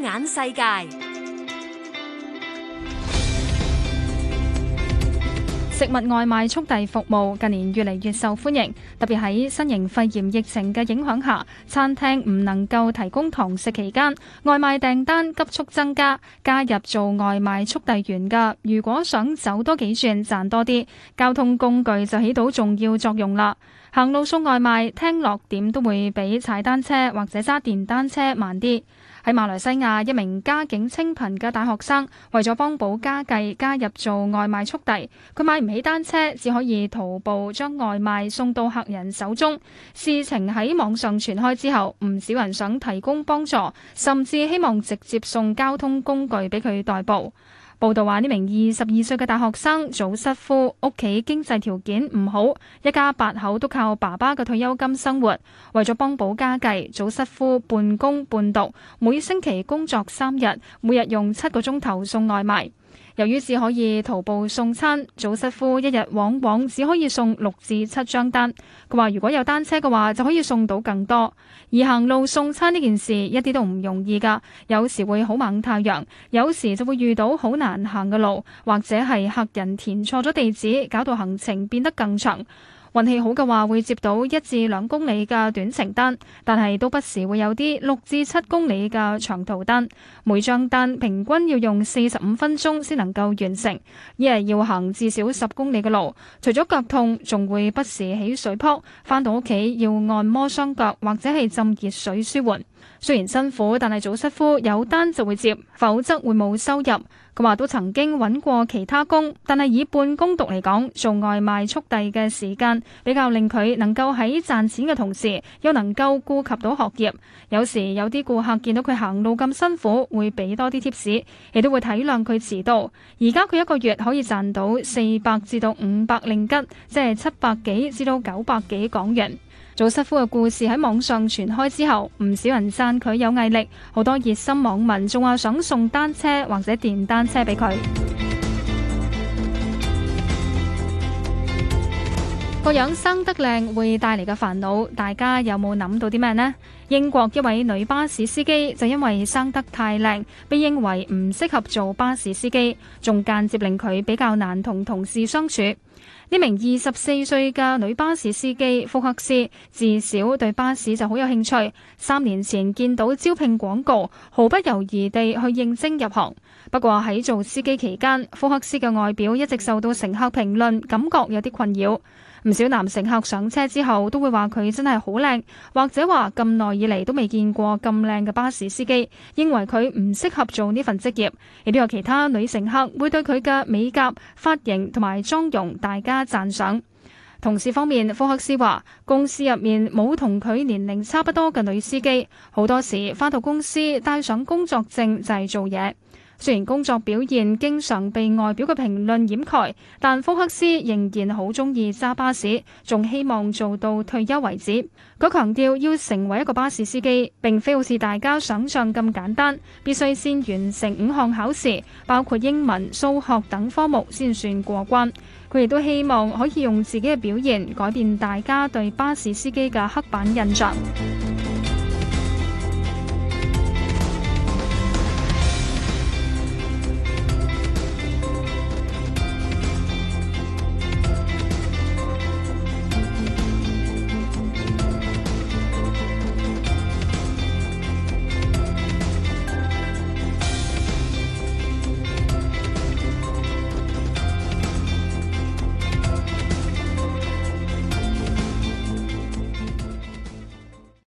眼世界，食物外賣速遞服務近年越嚟越受歡迎，特別喺新型肺炎疫情嘅影響下，餐廳唔能夠提供堂食期間，外賣訂單急速增加。加入做外賣速遞員嘅，如果想走多幾轉賺多啲，交通工具就起到重要作用啦。行路送外賣，聽落點都會比踩單車或者揸電單車慢啲。喺馬來西亞，一名家境清貧嘅大學生為咗幫補家計，加入做外賣速遞。佢買唔起單車，只可以徒步將外賣送到客人手中。事情喺網上傳開之後，唔少人想提供幫助，甚至希望直接送交通工具俾佢代步。報道話，呢名二十二歲嘅大學生祖失夫，屋企經濟條件唔好，一家八口都靠爸爸嘅退休金生活。為咗幫補家計，祖失夫半工半讀，每星期工作三日，每日用七個鐘頭送外賣。由於只可以徒步送餐，祖師夫一日往往只可以送六至七張單。佢話：如果有單車嘅話，就可以送到更多。而行路送餐呢件事一啲都唔容易㗎，有時會好猛太陽，有時就會遇到好難行嘅路，或者係客人填錯咗地址，搞到行程變得更長。運氣好嘅話，會接到一至兩公里嘅短程單，但係都不時會有啲六至七公里嘅長途單。每張單平均要用四十五分鐘先能夠完成，亦係要行至少十公里嘅路。除咗腳痛，仲會不時起水泡。返到屋企要按摩雙腳或者係浸熱水舒緩。雖然辛苦，但係早失夫有單就會接，否則會冇收入。佢話都曾經揾過其他工，但係以半工讀嚟講，做外賣速遞嘅時間比較令佢能夠喺賺錢嘅同時，又能夠顧及到學業。有時有啲顧客見到佢行路咁辛苦，會俾多啲貼士，亦都會體諒佢遲到。而家佢一個月可以賺到四百至到五百令吉，即係七百幾至到九百幾港元。祖斯夫嘅故事喺網上傳開之後，唔少人讚佢有毅力，好多熱心網民仲話想送單車或者電單車俾佢。個樣生得靚會帶嚟嘅煩惱，大家有冇諗到啲咩呢？英國一位女巴士司機就因為生得太靚，被認為唔適合做巴士司機，仲間接令佢比較難同同事相處。呢名二十四歲嘅女巴士司機福克斯，自小對巴士就好有興趣。三年前見到招聘廣告，毫不猶豫地去應徵入行。不過喺做司機期間，福克斯嘅外表一直受到乘客評論，感覺有啲困擾。唔少男乘客上車之後都會話佢真係好靚，或者話咁耐以嚟都未見過咁靚嘅巴士司機，認為佢唔適合做呢份職業。亦都有其他女乘客會對佢嘅美甲、髮型同埋妝容大加讚賞。同事方面，科克斯話公司入面冇同佢年齡差不多嘅女司機，好多時返到公司帶上工作證就係做嘢。雖然工作表現經常被外表嘅評論掩蓋，但福克斯仍然好中意揸巴士，仲希望做到退休為止。佢強調要成為一個巴士司機，並非好似大家想象咁簡單，必須先完成五項考試，包括英文、數學等科目先算過關。佢亦都希望可以用自己嘅表現改變大家對巴士司機嘅刻板印象。